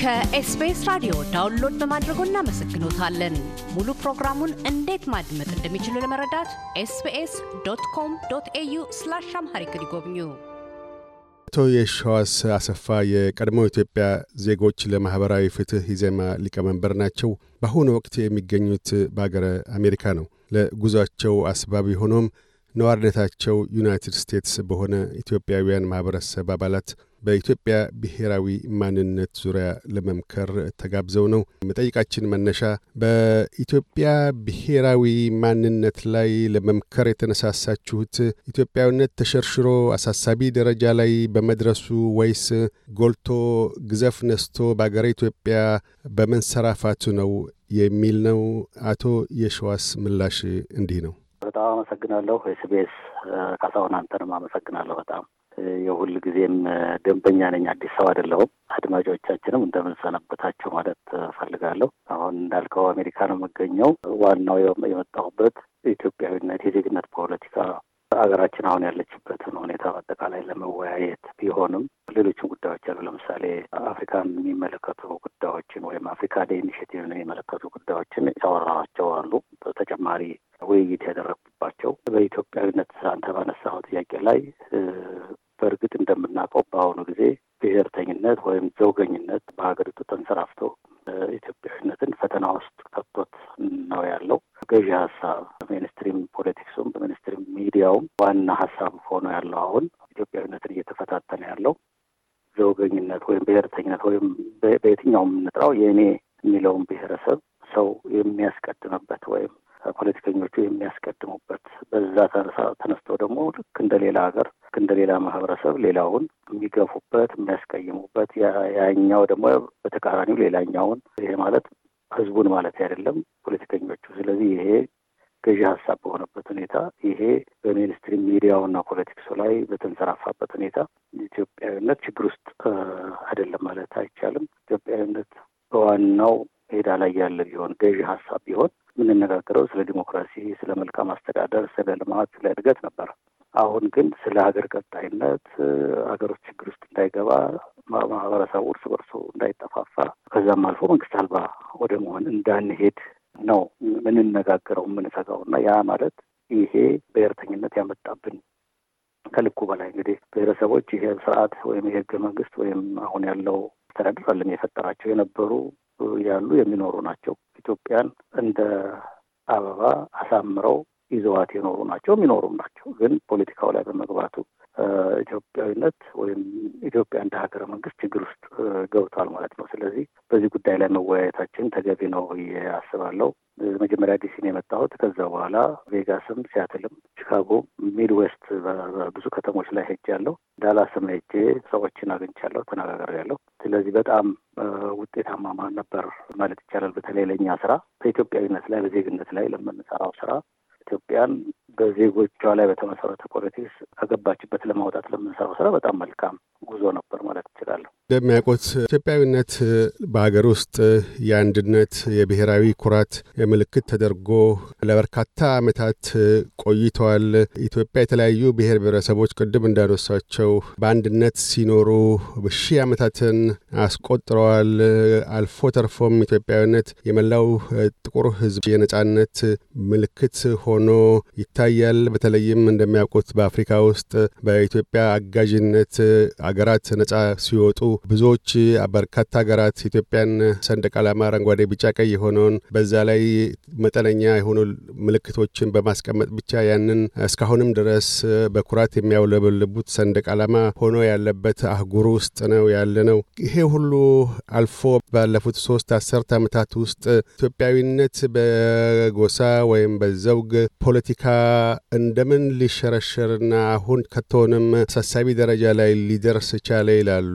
ከኤስቢኤስ ራዲዮ ዳውንሎድ በማድረጎ እናመሰግኖታለን። ሙሉ ፕሮግራሙን እንዴት ማድመጥ እንደሚችሉ ለመረዳት ኤስቢኤስ ዶት ኮም ዶት ኤዩ ስላሽ አምሃሪክ ይጎብኙ። አቶ የሸዋስ አሰፋ የቀድሞ ኢትዮጵያ ዜጎች ለማኅበራዊ ፍትሕ ኢዜማ ሊቀመንበር ናቸው። በአሁኑ ወቅት የሚገኙት በአገረ አሜሪካ ነው። ለጉዟቸው አስባብ የሆነውም ነዋሪነታቸው ዩናይትድ ስቴትስ በሆነ ኢትዮጵያውያን ማኅበረሰብ አባላት በኢትዮጵያ ብሔራዊ ማንነት ዙሪያ ለመምከር ተጋብዘው ነው። መጠይቃችን መነሻ በኢትዮጵያ ብሔራዊ ማንነት ላይ ለመምከር የተነሳሳችሁት ኢትዮጵያዊነት ተሸርሽሮ አሳሳቢ ደረጃ ላይ በመድረሱ ወይስ ጎልቶ ግዘፍ ነስቶ በአገረ ኢትዮጵያ በመንሰራፋቱ ነው የሚል ነው። አቶ የሸዋስ ምላሽ እንዲህ ነው። በጣም አመሰግናለሁ። ኤስቢኤስ ካሳሁን አንተንም አመሰግናለሁ በጣም የሁል ጊዜም ደንበኛ ነኝ፣ አዲስ ሰው አይደለሁም። አድማጮቻችንም እንደምንሰነበታቸው ማለት ፈልጋለሁ። አሁን እንዳልከው አሜሪካ ነው የምገኘው። ዋናው የመጣሁበት ኢትዮጵያዊነት፣ የዜግነት ፖለቲካ፣ ሀገራችን አሁን ያለችበትን ሁኔታ በአጠቃላይ ለመወያየት ቢሆንም ብሔርተኝነት ወይም በየትኛውም እንጥራው የእኔ የሚለውን ብሔረሰብ ሰው የሚያስቀድምበት ወይም ፖለቲከኞቹ የሚያስቀድሙበት በዛ ተነስተው ደግሞ ልክ እንደ ሌላ ሀገር እንደ ሌላ ማህበረሰብ ሌላውን የሚገፉበት የሚያስቀይሙበት፣ ያኛው ደግሞ በተቃራኒው ሌላኛውን ይሄ ማለት ህዝቡን ማለት አይደለም ፖለቲከኞቹ። ስለዚህ ይሄ ገዢ ሀሳብ በሆነበት ሁኔታ ይሄ በሜንስትሪም ሚዲያውና ፖለቲክሱ ላይ በተንሰራፋበት ሁኔታ ኢትዮጵያዊነት ችግር ውስጥ አይደለም ማለት አይቻልም። ኢትዮጵያዊነት በዋናው ሜዳ ላይ ያለ ቢሆን ገዢ ሀሳብ ቢሆን የምንነጋገረው ስለ ዲሞክራሲ፣ ስለ መልካም አስተዳደር፣ ስለ ልማት፣ ስለ እድገት ነበር። አሁን ግን ስለ ሀገር ቀጣይነት፣ ሀገሮች ችግር ውስጥ እንዳይገባ ማህበረሰቡ እርስ በርሶ እንዳይጠፋፋ፣ ከዛም አልፎ መንግስት አልባ ወደ መሆን እንዳንሄድ ነው ምንነጋገረው፣ የምንሰጋው እና ያ ማለት ይሄ ብሔርተኝነት ያመጣብን ከልኩ በላይ እንግዲህ ብሔረሰቦች ይሄ ስርዓት ወይም የህገ መንግስት ወይም አሁን ያለው አስተዳደር ዓለም የፈጠራቸው የነበሩ ያሉ የሚኖሩ ናቸው። ኢትዮጵያን እንደ አበባ አሳምረው ይዘዋት የኖሩ ናቸው የሚኖሩም ናቸው። ግን ፖለቲካው ላይ በመግባቱ ኢትዮጵያዊነት ወይም ኢትዮጵያ እንደ ሀገረ መንግስት ችግር ውስጥ ገብቷል ማለት ነው። ስለዚህ በዚህ ጉዳይ ላይ መወያየታችን ተገቢ ነው ብዬ አስባለሁ። መጀመሪያ ዲሲን የመጣሁት ከዛ በኋላ ቬጋስም፣ ሲያትልም፣ ቺካጎ፣ ሚድዌስት ብዙ ከተሞች ላይ ያለው ዳላስም ሄጄ ሰዎችን አግኝቻለሁ፣ ተነጋግሬያለሁ። ስለዚህ በጣም ውጤታማ ማን ነበር ማለት ይቻላል። በተለይ ለእኛ ስራ በኢትዮጵያዊነት ላይ በዜግነት ላይ ለምንሰራው ስራ ኢትዮጵያን በዜጎቿ ላይ በተመሰረተ ፖለቲክስ ከገባችበት ለማውጣት ለምንሰራው ስራ በጣም መልካም ጉዞ ነበር ማለት እችላለሁ። እንደሚያውቁት ኢትዮጵያዊነት በሀገር ውስጥ የአንድነት የብሔራዊ ኩራት ምልክት ተደርጎ ለበርካታ ዓመታት ቆይተዋል። ኢትዮጵያ የተለያዩ ብሔር ብሔረሰቦች ቅድም እንዳነሳቸው በአንድነት ሲኖሩ ብሺ ዓመታትን አስቆጥረዋል። አልፎ ተርፎም ኢትዮጵያዊነት የመላው ጥቁር ሕዝብ የነጻነት ምልክት ሆኖ ይታያል። በተለይም እንደሚያውቁት በአፍሪካ ውስጥ በኢትዮጵያ አጋዥነት አገራት ነጻ ሲወጡ ብዙዎች በርካታ ሀገራት ኢትዮጵያን ሰንደቅ ዓላማ አረንጓዴ፣ ቢጫ፣ ቀይ የሆነውን በዛ ላይ መጠነኛ የሆኑ ምልክቶችን በማስቀመጥ ብቻ ያንን እስካሁንም ድረስ በኩራት የሚያውለበልቡት ሰንደቅ ዓላማ ሆኖ ያለበት አህጉር ውስጥ ነው ያለ ነው። ይሄ ሁሉ አልፎ ባለፉት ሶስት አስርት ዓመታት ውስጥ ኢትዮጵያዊነት በጎሳ ወይም በዘውግ ፖለቲካ እንደምን ሊሸረሸርና አሁን ከቶንም አሳሳቢ ደረጃ ላይ ሊደርስ ቻለ ይላሉ።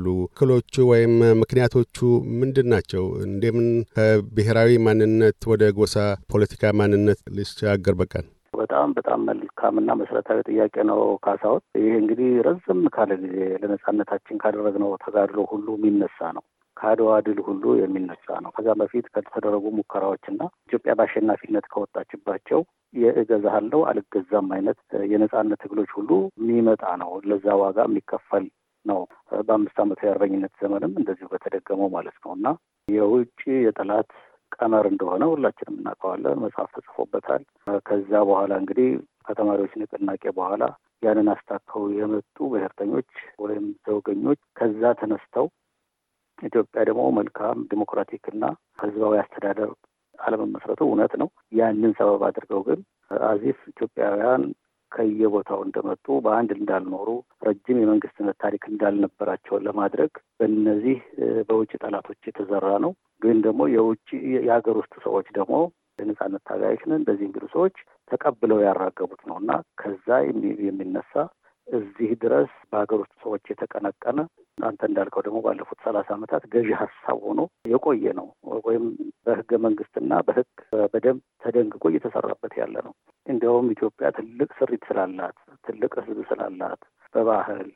እክሎቹ ወይም ምክንያቶቹ ምንድን ናቸው? እንደምን ከብሔራዊ ማንነት ወደ ጎሳ ፖለቲካ ማንነት ሊሻገር በቃል? በጣም በጣም መልካምና መሰረታዊ ጥያቄ ነው ካሳሁን። ይህ እንግዲህ ረዘም ካለ ጊዜ ለነጻነታችን ካደረግነው ተጋድሎ ሁሉ የሚነሳ ነው። ከአድዋ ድል ሁሉ የሚነሳ ነው። ከዛ በፊት ከተደረጉ ሙከራዎችና ኢትዮጵያ በአሸናፊነት ከወጣችባቸው የእገዛሃለው አልገዛም አይነት የነጻነት ትግሎች ሁሉ የሚመጣ ነው። ለዛ ዋጋ የሚከፈል ነው። በአምስት ዓመት የአርበኝነት ዘመንም እንደዚሁ በተደገመው ማለት ነው እና የውጭ የጠላት ቀመር እንደሆነ ሁላችንም እናውቀዋለን። መጽሐፍ ተጽፎበታል። ከዛ በኋላ እንግዲህ ከተማሪዎች ንቅናቄ በኋላ ያንን አስታከው የመጡ ብሔርተኞች ወይም ዘውገኞች ከዛ ተነስተው ኢትዮጵያ ደግሞ መልካም እና ህዝባዊ አስተዳደር አለመመስረቱ እውነት ነው። ያንን ሰበብ አድርገው ግን አዚፍ ኢትዮጵያውያን ከየቦታው እንደመጡ በአንድ እንዳልኖሩ ረጅም የመንግስትነት ታሪክ እንዳልነበራቸውን ለማድረግ በእነዚህ በውጭ ጠላቶች የተዘራ ነው። ግን ደግሞ የውጭ የሀገር ውስጥ ሰዎች ደግሞ ነጻነት ታጋዮች ነን በዚህ የሚሉ ሰዎች ተቀብለው ያራገቡት ነው እና ከዛ የሚነሳ እዚህ ድረስ በሀገር ውስጥ ሰዎች የተቀነቀነ አንተ እንዳልከው ደግሞ ባለፉት ሰላሳ ዓመታት ገዢ ሀሳብ ሆኖ የቆየ ነው ወይም በህገ መንግስትና በህግ በደንብ ተደንግጎ እየተሰራበት ያለ ነው። እንዲያውም ኢትዮጵያ ትልቅ ስሪት ስላላት፣ ትልቅ ህዝብ ስላላት፣ በባህል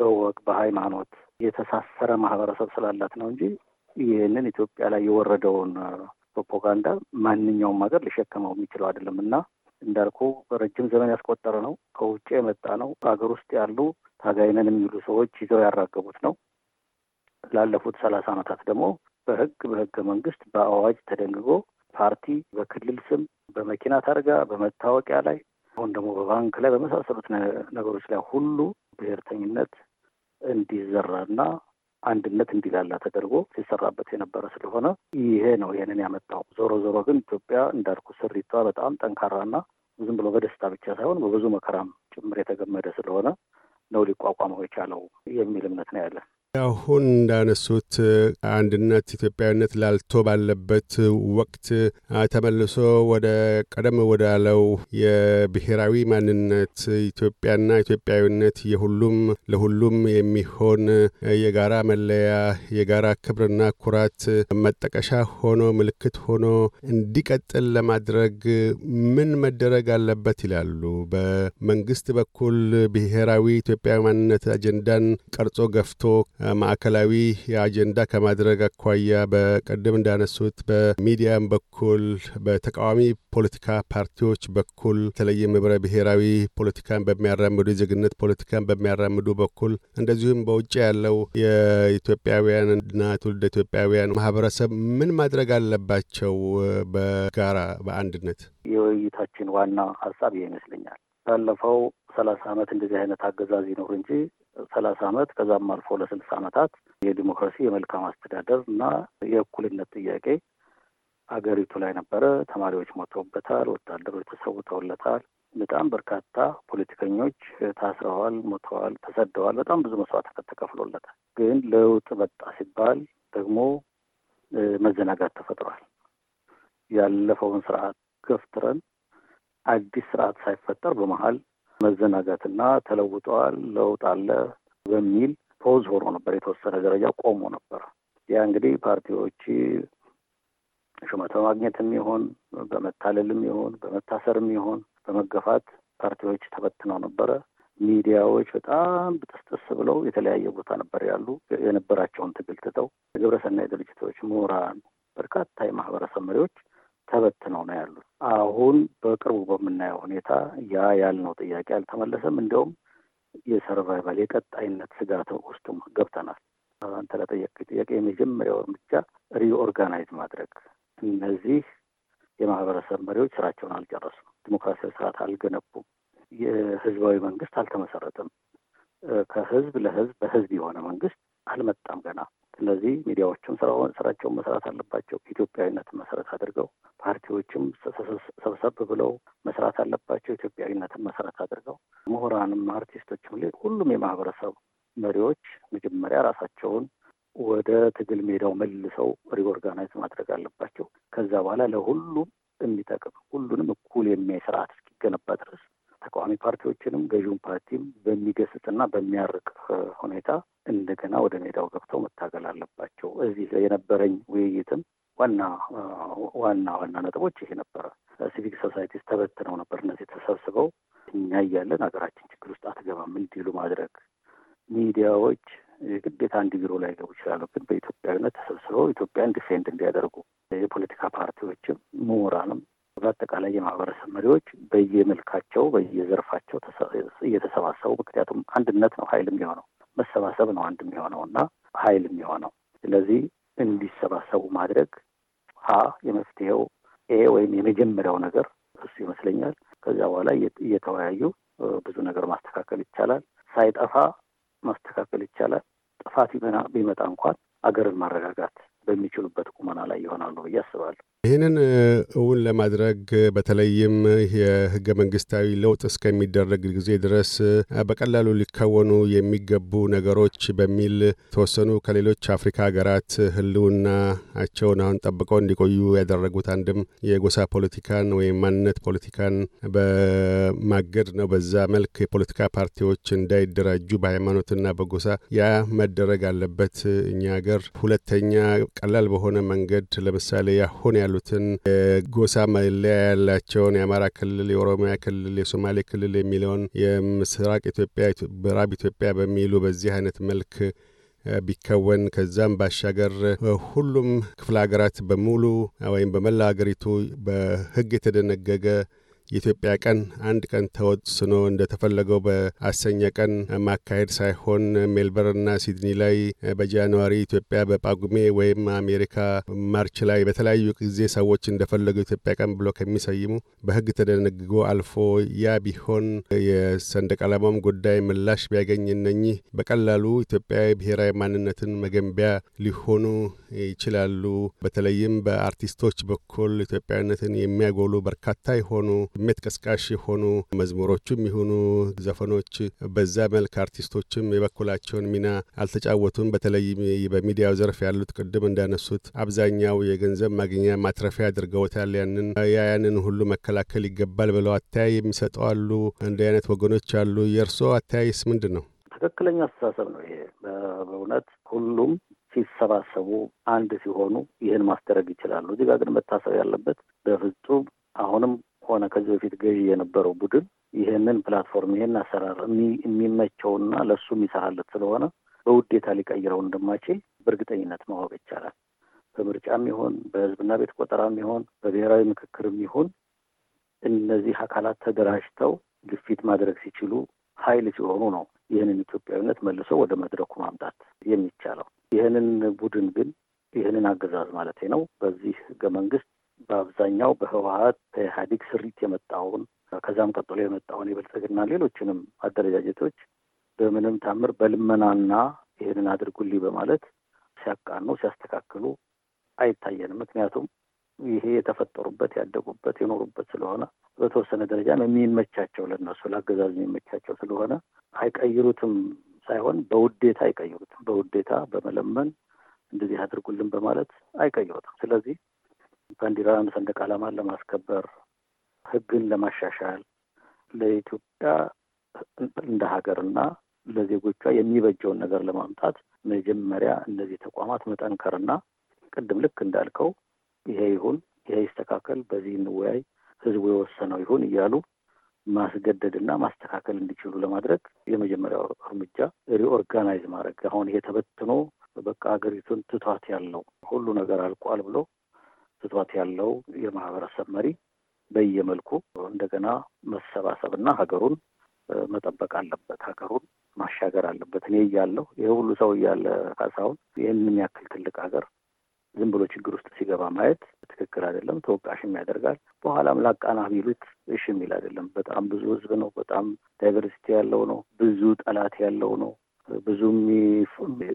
በወግ በሃይማኖት የተሳሰረ ማህበረሰብ ስላላት ነው እንጂ ይህንን ኢትዮጵያ ላይ የወረደውን ፕሮፓጋንዳ ማንኛውም ሀገር ሊሸከመው የሚችለው አይደለም እና እንዳልኩ ረጅም ዘመን ያስቆጠረ ነው። ከውጭ የመጣ ነው። ሀገር ውስጥ ያሉ ታጋይነን የሚሉ ሰዎች ይዘው ያራገቡት ነው። ላለፉት ሰላሳ ዓመታት ደግሞ በህግ በህገ መንግስት በአዋጅ ተደንግጎ ፓርቲ በክልል ስም በመኪና ታርጋ በመታወቂያ ላይ አሁን ደግሞ በባንክ ላይ በመሳሰሉት ነገሮች ላይ ሁሉ ብሔርተኝነት እንዲዘራና አንድነት እንዲላላ ተደርጎ ሲሰራበት የነበረ ስለሆነ ይሄ ነው ይህንን ያመጣው። ዞሮ ዞሮ ግን ኢትዮጵያ እንዳልኩ ስሪቷ በጣም ጠንካራና ዝም ብሎ በደስታ ብቻ ሳይሆን በብዙ መከራም ጭምር የተገመደ ስለሆነ ነው ሊቋቋመው የቻለው የሚል እምነት ነው ያለን። አሁን እንዳነሱት አንድነት ኢትዮጵያዊነት ላልቶ ባለበት ወቅት ተመልሶ ወደ ቀደም ወዳለው የብሔራዊ ማንነት ኢትዮጵያና ኢትዮጵያዊነት የሁሉም ለሁሉም የሚሆን የጋራ መለያ፣ የጋራ ክብርና ኩራት መጠቀሻ ሆኖ ምልክት ሆኖ እንዲቀጥል ለማድረግ ምን መደረግ አለበት ይላሉ? በመንግስት በኩል ብሔራዊ ኢትዮጵያዊ ማንነት አጀንዳን ቀርጾ ገፍቶ ማዕከላዊ የአጀንዳ ከማድረግ አኳያ በቀደም እንዳነሱት በሚዲያም በኩል በተቃዋሚ ፖለቲካ ፓርቲዎች በኩል በተለይም ህብረ ብሔራዊ ፖለቲካን በሚያራምዱ የዜግነት ፖለቲካን በሚያራምዱ በኩል እንደዚሁም በውጭ ያለው የኢትዮጵያውያንና ትውልደ ኢትዮጵያውያን ማህበረሰብ ምን ማድረግ አለባቸው በጋራ በአንድነት የውይይታችን ዋና ሀሳብ ይመስለኛል ባለፈው ሰላሳ ዓመት እንደዚህ አይነት አገዛዝ ይኖር እንጂ ሰላሳ ዓመት ከዛም አልፎ ለስልሳ ዓመታት የዲሞክራሲ የመልካም አስተዳደር እና የእኩልነት ጥያቄ አገሪቱ ላይ ነበረ። ተማሪዎች ሞተውበታል። ወታደሮች ተሰውተውለታል። በጣም በርካታ ፖለቲከኞች ታስረዋል፣ ሞተዋል፣ ተሰደዋል። በጣም ብዙ መስዋዕትነት ተከፍሎለታል። ግን ለውጥ መጣ ሲባል ደግሞ መዘናጋት ተፈጥሯል። ያለፈውን ስርዓት ገፍትረን አዲስ ስርዓት ሳይፈጠር በመሀል መዘናጋትና ተለውጠዋል፣ ለውጥ አለ በሚል ፖዝ ሆኖ ነበር። የተወሰነ ደረጃ ቆሞ ነበር። ያ እንግዲህ ፓርቲዎች ሹመት በማግኘትም ይሆን በመታለልም ይሆን በመታሰርም ይሆን በመገፋት ፓርቲዎች ተበትነው ነበረ። ሚዲያዎች በጣም ብጥስጥስ ብለው የተለያየ ቦታ ነበር ያሉ የነበራቸውን ትግል ትተው የግብረሰናይ ድርጅቶች፣ ምሁራን፣ በርካታ የማህበረሰብ መሪዎች ተበትነው ነው ያሉት። አሁን በቅርቡ በምናየው ሁኔታ ያ ያልነው ጥያቄ አልተመለሰም። እንዲያውም የሰርቫይቫል የቀጣይነት ስጋት ውስጥ ገብተናል። አንተ ጥያቄ የመጀመሪያው እርምጃ ሪኦርጋናይዝ ማድረግ እነዚህ የማህበረሰብ መሪዎች ስራቸውን አልጨረሱም። ዲሞክራሲያዊ ስርዓት አልገነቡም። የህዝባዊ መንግስት አልተመሰረተም። ከህዝብ ለህዝብ በህዝብ የሆነ መንግስት አልመጣም ገና። ስለዚህ ሚዲያዎችም ስራቸውን መስራት አለባቸው፣ ኢትዮጵያዊነትን መሰረት አድርገው። ፓርቲዎችም ሰብሰብ ብለው መስራት አለባቸው፣ ኢትዮጵያዊነትን መሰረት አድርገው። ምሁራንም፣ አርቲስቶችም፣ ሁሉም የማህበረሰብ መሪዎች መጀመሪያ ራሳቸውን ወደ ትግል ሜዳው መልሰው ሪኦርጋናይዝ ማድረግ አለባቸው። ከዛ በኋላ ለሁሉም የሚጠቅም ሁሉንም እኩል የሚያይ ስርዓት እስኪገነባ ተቃዋሚ ፓርቲዎችንም ገዥውን ፓርቲም በሚገስጽና በሚያርቅ ሁኔታ እንደገና ወደ ሜዳው ገብተው መታገል አለባቸው። እዚህ የነበረኝ ውይይትም ዋና ዋና ዋና ነጥቦች ይሄ ነበረ። ሲቪክ ሶሳይቲስ ተበትነው ነበር። እነዚህ ተሰብስበው እኛ እያለን ሀገራችን ችግር ውስጥ አትገባም እንዲሉ ማድረግ። ሚዲያዎች ግዴታ አንድ ቢሮ ላይ ገቡ ይችላሉ፣ ግን በኢትዮጵያዊነት ተሰብስበው ኢትዮጵያን ዲፌንድ እንዲያደርጉ የፖለቲካ ፓርቲዎችም ምሁራንም በአጠቃላይ የማህበረሰብ መሪዎች በየመልካቸው በየዘርፋቸው እየተሰባሰቡ ምክንያቱም አንድነት ነው ኃይል የሚሆነው መሰባሰብ ነው አንድ የሚሆነው እና ኃይል የሚሆነው ስለዚህ እንዲሰባሰቡ ማድረግ ሀ የመፍትሄው ኤ ወይም የመጀመሪያው ነገር እሱ ይመስለኛል። ከዚያ በኋላ እየተወያዩ ብዙ ነገር ማስተካከል ይቻላል። ሳይጠፋ ማስተካከል ይቻላል። ጥፋት ቢመጣ እንኳን አገርን ማረጋጋት በሚችሉበት ቁመና ላይ ይሆናሉ ብዬ አስባለሁ። ይህንን እውን ለማድረግ በተለይም የህገ መንግስታዊ ለውጥ እስከሚደረግ ጊዜ ድረስ በቀላሉ ሊከወኑ የሚገቡ ነገሮች በሚል ተወሰኑ ከሌሎች አፍሪካ ሀገራት ህልውናቸውን አሁን ጠብቀው እንዲቆዩ ያደረጉት አንድም የጎሳ ፖለቲካን ወይም ማንነት ፖለቲካን በማገድ ነው። በዛ መልክ የፖለቲካ ፓርቲዎች እንዳይደራጁ በሃይማኖትና በጎሳ ያ መደረግ አለበት እኛ ሀገር። ሁለተኛ ቀላል በሆነ መንገድ ለምሳሌ አሁን ያሉ ያሉትን ጎሳ መለያ ያላቸውን የአማራ ክልል፣ የኦሮሚያ ክልል፣ የሶማሌ ክልል የሚለውን የምስራቅ ኢትዮጵያ፣ ምዕራብ ኢትዮጵያ በሚሉ በዚህ አይነት መልክ ቢከወን ከዛም ባሻገር ሁሉም ክፍለ ሀገራት በሙሉ ወይም በመላ ሀገሪቱ በሕግ የተደነገገ የኢትዮጵያ ቀን አንድ ቀን ተወስኖ እንደተፈለገው በአሰኘ ቀን ማካሄድ ሳይሆን ሜልበርንና ሲድኒ ላይ በጃንዋሪ ኢትዮጵያ በጳጉሜ ወይም አሜሪካ ማርች ላይ በተለያዩ ጊዜ ሰዎች እንደፈለጉ ኢትዮጵያ ቀን ብሎ ከሚሰይሙ በህግ ተደነግጎ አልፎ ያ ቢሆን የሰንደቅ ዓላማውም ጉዳይ ምላሽ ቢያገኝ እነኚህ በቀላሉ ኢትዮጵያዊ ብሔራዊ ማንነትን መገንቢያ ሊሆኑ ይችላሉ። በተለይም በአርቲስቶች በኩል ኢትዮጵያዊነትን የሚያጎሉ በርካታ የሆኑ ስሜት ቀስቃሽ የሆኑ መዝሙሮቹም ይሁኑ ዘፈኖች በዛ መልክ አርቲስቶችም የበኩላቸውን ሚና አልተጫወቱም። በተለይ በሚዲያው ዘርፍ ያሉት ቅድም እንዳነሱት አብዛኛው የገንዘብ ማግኛ ማትረፊያ አድርገውታል። ያንን ያንን ሁሉ መከላከል ይገባል ብለው አተያይ የሚሰጡ አሉ። እንደ አይነት ወገኖች አሉ። የእርስዎ አተያይስ ምንድን ነው? ትክክለኛ አስተሳሰብ ነው ይሄ በእውነት ሁሉም ሲሰባሰቡ አንድ ሲሆኑ ይህን ማስደረግ ይችላሉ። እዚህ ጋር ግን መታሰብ ያለበት በፍጹም አሁንም ሆነ ከዚህ በፊት ገዢ የነበረው ቡድን ይህንን ፕላትፎርም ይሄን አሰራር የሚመቸውና ለሱ የሚሰራለት ስለሆነ በውዴታ ሊቀይረው እንደማይችል በእርግጠኝነት ማወቅ ይቻላል። በምርጫም ይሆን በህዝብና ቤት ቆጠራም ይሆን በብሔራዊ ምክክርም ይሁን እነዚህ አካላት ተደራጅተው ግፊት ማድረግ ሲችሉ ኃይል ሲሆኑ ነው ይህንን ኢትዮጵያዊነት መልሶ ወደ መድረኩ ማምጣት የሚቻለው። ይህንን ቡድን ግን ይህንን አገዛዝ ማለት ነው በዚህ ህገ መንግስት በአብዛኛው በህወሀት በኢህአዴግ ስሪት የመጣውን ከዛም ቀጥሎ የመጣውን የብልጽግና ሌሎችንም አደረጃጀቶች በምንም ታምር በልመናና ይህንን አድርጉልኝ በማለት ሲያቃኑ ሲያስተካክሉ አይታየንም። ምክንያቱም ይሄ የተፈጠሩበት ያደጉበት የኖሩበት ስለሆነ በተወሰነ ደረጃ የሚመቻቸው ለእነሱ ለአገዛዙ የሚመቻቸው ስለሆነ አይቀይሩትም ሳይሆን በውዴታ አይቀይሩትም። በውዴታ በመለመን እንደዚህ አድርጉልን በማለት አይቀይሩትም። ስለዚህ የኢራን ሰንደቅ ዓላማን ለማስከበር፣ ህግን ለማሻሻል ለኢትዮጵያ እንደ ሀገርና ለዜጎቿ የሚበጀውን ነገር ለማምጣት መጀመሪያ እነዚህ ተቋማት መጠንከርና ቅድም ልክ እንዳልከው ይሄ ይሁን ይሄ ይስተካከል፣ በዚህ እንወያይ፣ ህዝቡ የወሰነው ይሁን እያሉ ማስገደድና ማስተካከል እንዲችሉ ለማድረግ የመጀመሪያው እርምጃ ሪኦርጋናይዝ ማድረግ። አሁን ይሄ ተበትኖ በቃ ሀገሪቱን ትቷት ያለው ሁሉ ነገር አልቋል ብሎ ስፋት ያለው የማህበረሰብ መሪ በየመልኩ እንደገና መሰባሰብና ሀገሩን መጠበቅ አለበት። ሀገሩን ማሻገር አለበት። እኔ እያለሁ ይሄ ሁሉ ሰው እያለ ካሳሁን ይህን የሚያክል ትልቅ ሀገር ዝም ብሎ ችግር ውስጥ ሲገባ ማየት ትክክል አይደለም። ተወቃሽም ያደርጋል። በኋላም ላቃና ቢሉት እሽ የሚል አይደለም። በጣም ብዙ ህዝብ ነው። በጣም ዳይቨርሲቲ ያለው ነው። ብዙ ጠላት ያለው ነው። ብዙ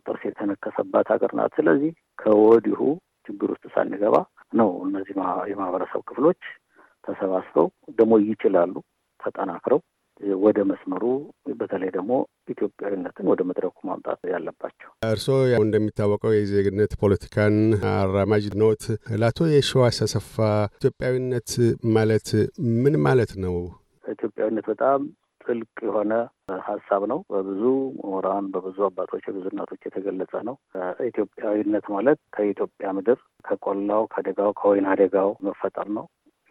ጥርስ የተነከሰባት ሀገር ናት። ስለዚህ ከወዲሁ ችግር ውስጥ ሳንገባ ነው እነዚህ የማህበረሰብ ክፍሎች ተሰባስበው ደግሞ ይችላሉ ተጠናክረው ወደ መስመሩ በተለይ ደግሞ ኢትዮጵያዊነትን ወደ መድረኩ ማምጣት ያለባቸው። እርስዎ እንደሚታወቀው የዜግነት ፖለቲካን አራማጅ ኖት። ለአቶ የሺዋስ አሰፋ ኢትዮጵያዊነት ማለት ምን ማለት ነው? ኢትዮጵያዊነት በጣም ጥልቅ የሆነ ሀሳብ ነው። በብዙ ምሁራን፣ በብዙ አባቶች፣ በብዙ እናቶች የተገለጸ ነው። ኢትዮጵያዊነት ማለት ከኢትዮጵያ ምድር ከቆላው፣ ከደጋው፣ ከወይና ደጋው መፈጠር ነው።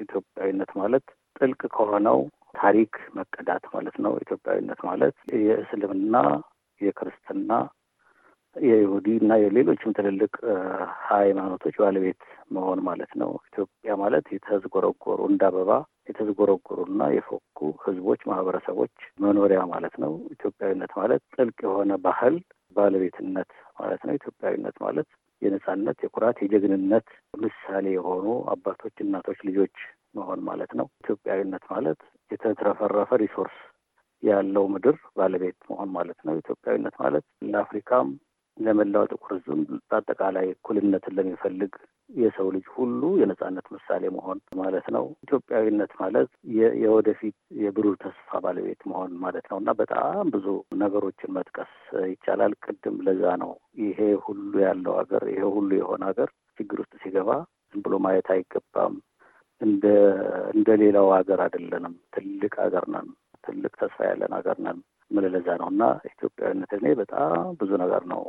ኢትዮጵያዊነት ማለት ጥልቅ ከሆነው ታሪክ መቀዳት ማለት ነው። ኢትዮጵያዊነት ማለት የእስልምና የክርስትና የይሁዲ እና የሌሎችም ትልልቅ ሃይማኖቶች ባለቤት መሆን ማለት ነው። ኢትዮጵያ ማለት የተዝጎረጎሩ እንደ አበባ የተዝጎረጎሩና የፎኩ ህዝቦች፣ ማህበረሰቦች መኖሪያ ማለት ነው። ኢትዮጵያዊነት ማለት ጥልቅ የሆነ ባህል ባለቤትነት ማለት ነው። ኢትዮጵያዊነት ማለት የነጻነት፣ የኩራት፣ የጀግንነት ምሳሌ የሆኑ አባቶች፣ እናቶች፣ ልጆች መሆን ማለት ነው። ኢትዮጵያዊነት ማለት የተትረፈረፈ ሪሶርስ ያለው ምድር ባለቤት መሆን ማለት ነው። ኢትዮጵያዊነት ማለት ለአፍሪካም ለመላው ጥቁር ሕዝብ በአጠቃላይ እኩልነትን ለሚፈልግ የሰው ልጅ ሁሉ የነጻነት ምሳሌ መሆን ማለት ነው። ኢትዮጵያዊነት ማለት የወደፊት የብሩህ ተስፋ ባለቤት መሆን ማለት ነው እና በጣም ብዙ ነገሮችን መጥቀስ ይቻላል። ቅድም ለዛ ነው ይሄ ሁሉ ያለው ሀገር ይሄ ሁሉ የሆነ ሀገር ችግር ውስጥ ሲገባ ዝም ብሎ ማየት አይገባም። እንደ እንደ ሌላው ሀገር አይደለንም። ትልቅ ሀገር ነን። ትልቅ ተስፋ ያለን ሀገር ነን። ምን ነው እና ኢትዮጵያዊነት እኔ በጣም ብዙ ነገር ነው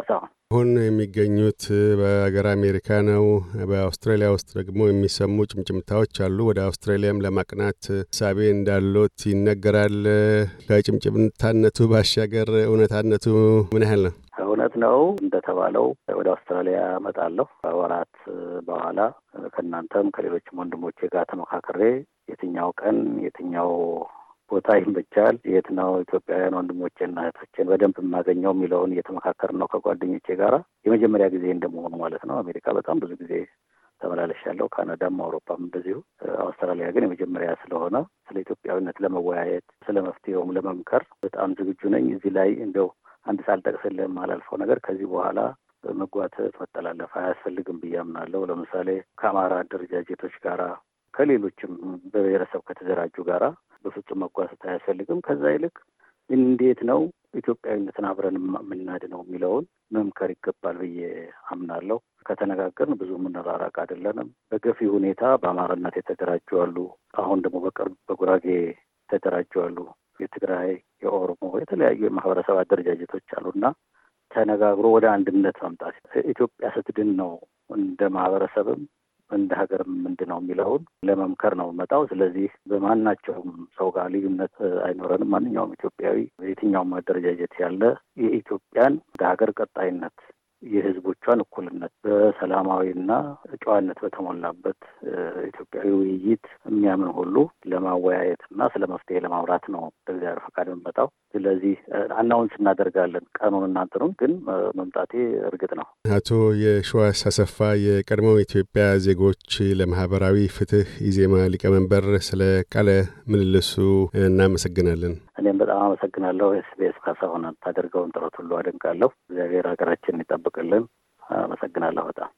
ተሰራ። አሁን የሚገኙት በሀገር አሜሪካ ነው። በአውስትራሊያ ውስጥ ደግሞ የሚሰሙ ጭምጭምታዎች አሉ። ወደ አውስትራሊያም ለማቅናት ሳቤ እንዳሎት ይነገራል። ከጭምጭምታነቱ ባሻገር እውነታነቱ ምን ያህል ነው? እውነት ነው እንደተባለው ወደ አውስትራሊያ እመጣለሁ ከወራት በኋላ ከእናንተም ከሌሎችም ወንድሞቼ ጋር ተመካክሬ የትኛው ቀን የትኛው ቦታ ይመቻል። የት ነው ኢትዮጵያውያን ወንድሞቼና እህቶቼን በደንብ የማገኘው የሚለውን እየተመካከር ነው ከጓደኞቼ ጋራ። የመጀመሪያ ጊዜ እንደመሆኑ ማለት ነው። አሜሪካ በጣም ብዙ ጊዜ ተመላለሻለሁ፣ ካናዳም አውሮፓም እንደዚሁ። አውስትራሊያ ግን የመጀመሪያ ስለሆነ ስለ ኢትዮጵያዊነት ለመወያየት ስለ መፍትሄውም ለመምከር በጣም ዝግጁ ነኝ። እዚህ ላይ እንደው አንድ ሳልጠቅስልህ የማላልፈው ነገር ከዚህ በኋላ መጓተት መጠላለፍ አያስፈልግም ብዬ አምናለሁ። ለምሳሌ ከአማራ አደረጃጀቶች ጋራ ከሌሎችም በብሔረሰብ ከተደራጁ ጋራ በፍጹም መጓሰት አያስፈልግም። ከዛ ይልቅ እንዴት ነው ኢትዮጵያዊነትን አብረን የምናድነው የሚለውን መምከር ይገባል ብዬ አምናለሁ። ከተነጋገርን ብዙ የምንራራቅ አይደለንም። በገፊ ሁኔታ በአማራነት የተደራጁ አሉ። አሁን ደግሞ በቅርብ በጉራጌ የተደራጁ አሉ። የትግራይ፣ የኦሮሞ የተለያዩ የማህበረሰብ አደረጃጀቶች እና ተነጋግሮ ወደ አንድነት መምጣት ኢትዮጵያ ስትድን ነው እንደ ማህበረሰብም እንደ ሀገር ምንድን ነው የሚለውን ለመምከር ነው መጣው። ስለዚህ በማናቸውም ሰው ጋር ልዩነት አይኖረንም። ማንኛውም ኢትዮጵያዊ የትኛውም አደረጃጀት ያለ የኢትዮጵያን እንደ ሀገር ቀጣይነት የህዝቦቿን እኩልነት በሰላማዊና ጨዋነት በተሞላበት ኢትዮጵያዊ ውይይት የሚያምን ሁሉ ለማወያየትና ስለ መፍትሄ ለማውራት ነው በእግዚአብሔር ፈቃድ የምመጣው። ስለዚህ አናውንስ እናደርጋለን ቀኑን እናንትኑን፣ ግን መምጣቴ እርግጥ ነው። አቶ የሸዋስ አሰፋ የቀድሞው ኢትዮጵያ ዜጎች ለማህበራዊ ፍትህ ኢዜማ ሊቀመንበር፣ ስለ ቃለ ምልልሱ እናመሰግናለን። እኔም በጣም አመሰግናለሁ። ኤስቢኤስ ካሳሁን ታደርገውን ጥረት ሁሉ አደንቃለሁ። እግዚአብሔር ሀገራችን ይጠብቅልን። አመሰግናለሁ በጣም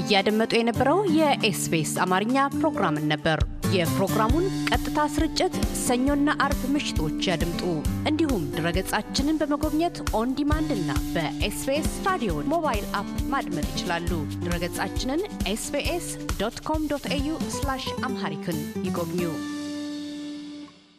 እያደመጡ የነበረው የኤስቢኤስ አማርኛ ፕሮግራምን ነበር። የፕሮግራሙን ቀጥታ ስርጭት ሰኞና አርብ ምሽቶች ያድምጡ። እንዲሁም ድረገጻችንን በመጎብኘት ኦን ዲማንድ እና በኤስቢኤስ ራዲዮ ሞባይል አፕ ማድመጥ ይችላሉ። ድረገጻችንን ኤስቢኤስ ዶት ኮም ዶት ኤዩ አምሃሪክን ይጎብኙ።